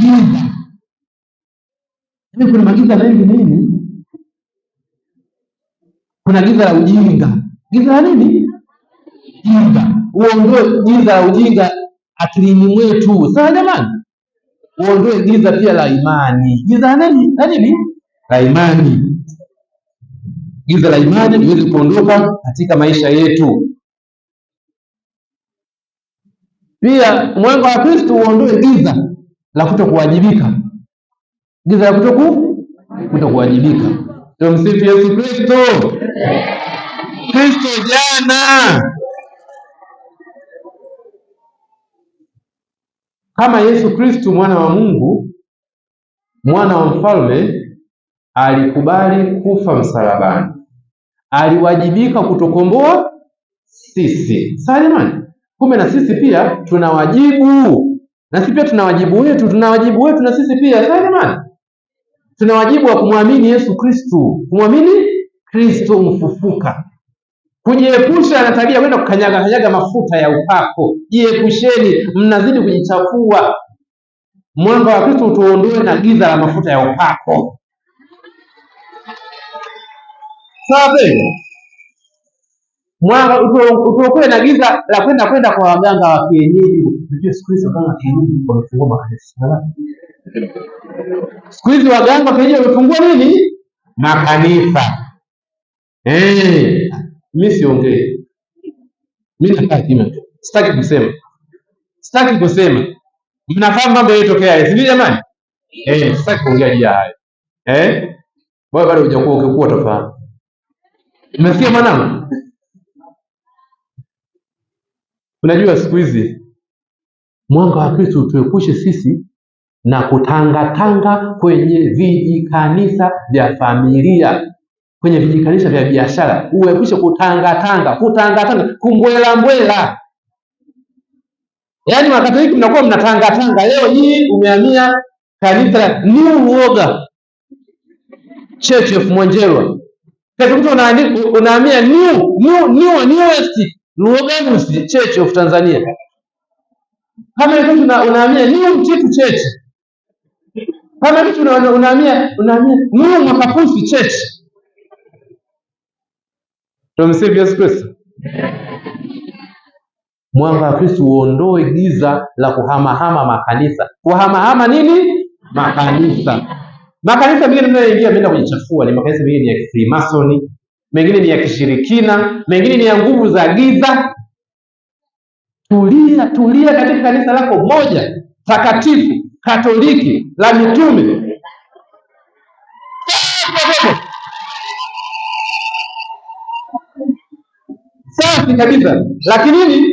Giza. Yaani kuna magiza mengi nini? Kuna giza la ujinga. Giza la nini? Ujinga. Uondoe giza la ujinga akilini mwetu, sawa jamani? Uondoe giza pia la imani. Giza la nini? La nini? La imani. Giza la imani liweze kuondoka katika maisha yetu. Pia mwanga wa Kristo uondoe giza la kutokuwajibika, giza la kutoku kutokuwajibika. Tumsifu Yesu Kristo. Kristo jana kama Yesu Kristo mwana wa Mungu, mwana wa mfalme, alikubali kufa msalabani, aliwajibika kutokomboa sisi. salimani Kumbe na sisi pia tuna wajibu, na sisi pia tuna wajibu wetu, tuna wajibu wetu na sisi pia jamani, tuna wajibu wa kumwamini Yesu Kristu, kumwamini Kristu mfufuka, kujiepusha na tabia kwenda kukanyaga kanyaga mafuta ya upako. Jiepusheni, mnazidi kujichafua. Mwanga wa Kristu utuondoe na giza la mafuta ya upako. Sawa mwanga utuokoe na giza la kwenda kwenda kwa waganga wa kienyeji. Unajua siku hizi waganga wa kienyeji wamefungua makanisa, siku hizi waganga wa kienyeji wamefungua nini makanisa. Eh, mimi siongee, mimi nakaa kimya, sitaki kusema, sitaki kusema. Mnafahamu mambo yaliyotokea hivi, sivyo jamani? Eh, sitaki kuongea juu ya hayo. Eh, wewe bado hujakuwa ukikuwa utafahamu. Umesikia mwanangu? Unajua siku hizi mwanga wa Kristo utuepushe sisi na kutangatanga kwenye vijikanisa vya familia, kwenye vijikanisa vya biashara. Uepushe kutangatanga, kutangatanga, kumbwelambwela. Yaani Wakatoliki mnakuwa mnatangatanga, leo hii umehamia kanisa la New Woga Church of Mwanjelwa, kesho unahamia New New New West Luogomus Church of Tanzania. Kama kitu unahamia ni mtu Church. Kama kitu unahamia unahamia ni Makapusi Church. Tumsifu Yesu Kristo. Mwanga wa Kristo uondoe giza la kuhamahama makanisa. Kuhamahama nini? Makanisa. Makanisa mengine mnayoingia mnaenda kujichafua, ni makanisa mengine ya Freemason, mengine ni ya kishirikina, mengine ni ya nguvu za giza. Tulia, tulia katika kanisa lako moja takatifu Katoliki la mitume safi kabisa, lakini nini